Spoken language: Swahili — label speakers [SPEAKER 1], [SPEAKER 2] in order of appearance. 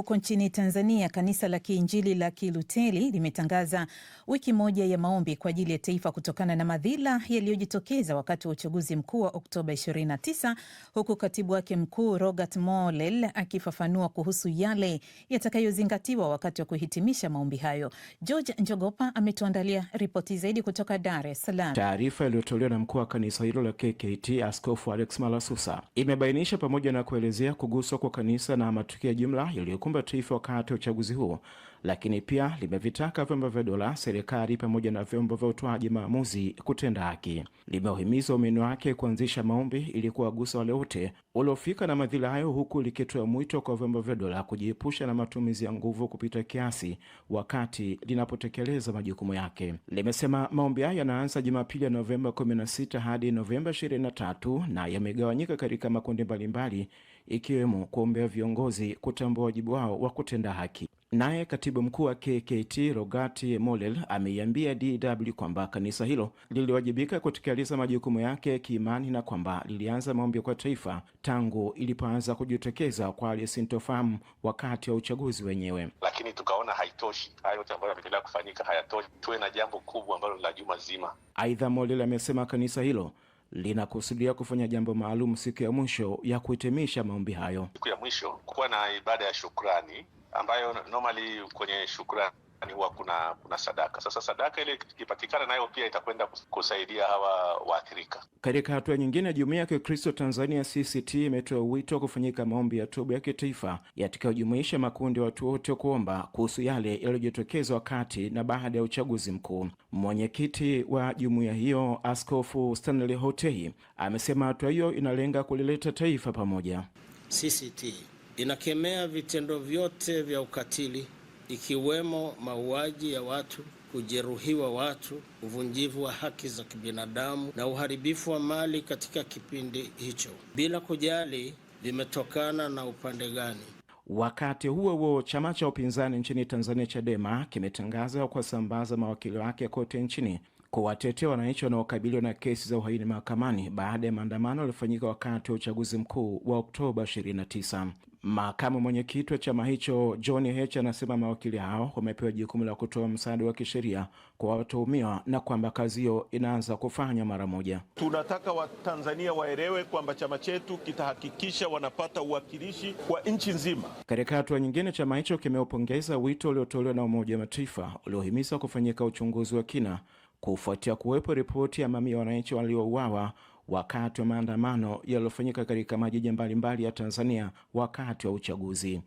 [SPEAKER 1] huko nchini Tanzania, kanisa la Kiinjili la Kiluteli limetangaza wiki moja ya maombi kwa ajili ya taifa kutokana na madhila yaliyojitokeza wakati wa uchaguzi mkuu wa Oktoba 29, huku katibu wake mkuu Robert Mollel akifafanua kuhusu yale yatakayozingatiwa wakati wa kuhitimisha maombi hayo. George Njogopa ametuandalia ripoti zaidi kutoka Dar es Salaam.
[SPEAKER 2] Taarifa iliyotolewa na mkuu wa kanisa hilo la KKT Askofu Alex Malasusa imebainisha pamoja na kuelezea kuguswa kwa kanisa na matukio ya jumla yaliyoku kulikumba taifa wakati wa uchaguzi huo, lakini pia limevitaka vyombo vya dola, serikali pamoja na vyombo vya utoaji maamuzi kutenda haki. limeuhimiza umini wake kuanzisha maombi ili kuwagusa wale wote waliofika na madhila hayo, huku likitoa mwito kwa vyombo vya dola kujiepusha na matumizi ya nguvu kupita kiasi wakati linapotekeleza majukumu yake. Limesema maombi hayo yanaanza Jumapili ya Novemba 16 hadi Novemba 23 na yamegawanyika katika makundi mbalimbali, ikiwemo kuombea viongozi kutambua wajibu wao wa kutenda haki. Naye katibu mkuu wa KKT Rogati Molel ameiambia DW kwamba kanisa hilo liliwajibika kutekeleza majukumu yake kiimani na kwamba lilianza maombi kwa taifa tangu ilipoanza kujitokeza kwa aliyesintofahamu wakati wa uchaguzi wenyewe.
[SPEAKER 3] Lakini tukaona haitoshi, hayo yote ambayo yameendelea kufanyika hayatoshi, tuwe na jambo kubwa ambalo la juma zima.
[SPEAKER 2] Aidha, Molel amesema kanisa hilo linakusudia kufanya jambo maalum siku ya mwisho ya kuhitimisha maombi hayo.
[SPEAKER 3] Siku ya mwisho kuwa na ibada ya shukrani ambayo normally kwenye shukrani yani huwa kuna kuna sadaka. Sasa sadaka ile ikipatikana, nayo pia itakwenda kusaidia hawa waathirika.
[SPEAKER 2] Katika hatua nyingine, jumuiya ya Kikristo Tanzania CCT imetoa wito wa kufanyika maombi ya toba ya kitaifa yatakayojumuisha makundi ya watu wote kuomba kuhusu yale yaliyojitokeza wakati na baada ya uchaguzi mkuu. Mwenyekiti wa jumuiya hiyo Askofu Stanley Hotei amesema hatua hiyo inalenga kulileta taifa pamoja.
[SPEAKER 4] CCT inakemea vitendo vyote vya ukatili ikiwemo mauaji ya watu, kujeruhiwa watu, uvunjivu wa haki za kibinadamu na uharibifu wa mali katika kipindi hicho, bila kujali vimetokana na upande gani.
[SPEAKER 2] Wakati huo huo, chama cha upinzani nchini Tanzania, Chadema, kimetangaza kuwasambaza mawakili wake kote nchini kuwatetea wananchi wanaokabiliwa na kesi za uhaini mahakamani baada ya maandamano yaliyofanyika wakati wa uchaguzi mkuu wa Oktoba 29. Makamu mwenyekiti wa chama hicho John Heche anasema mawakili hao wamepewa jukumu la kutoa msaada wa kisheria kwa watuhumiwa na kwamba kazi hiyo inaanza kufanywa mara moja.
[SPEAKER 5] Tunataka Watanzania waelewe kwamba chama chetu kitahakikisha wanapata uwakilishi kwa nchi nzima.
[SPEAKER 2] Katika hatua nyingine, chama hicho kimeupongeza wito uliotolewa na Umoja wa Mataifa uliohimiza kufanyika uchunguzi wa kina kufuatia kuwepo ripoti ya mamia wananchi waliouawa wakati wa maandamano yaliyofanyika katika majiji mbalimbali ya Tanzania wakati wa uchaguzi.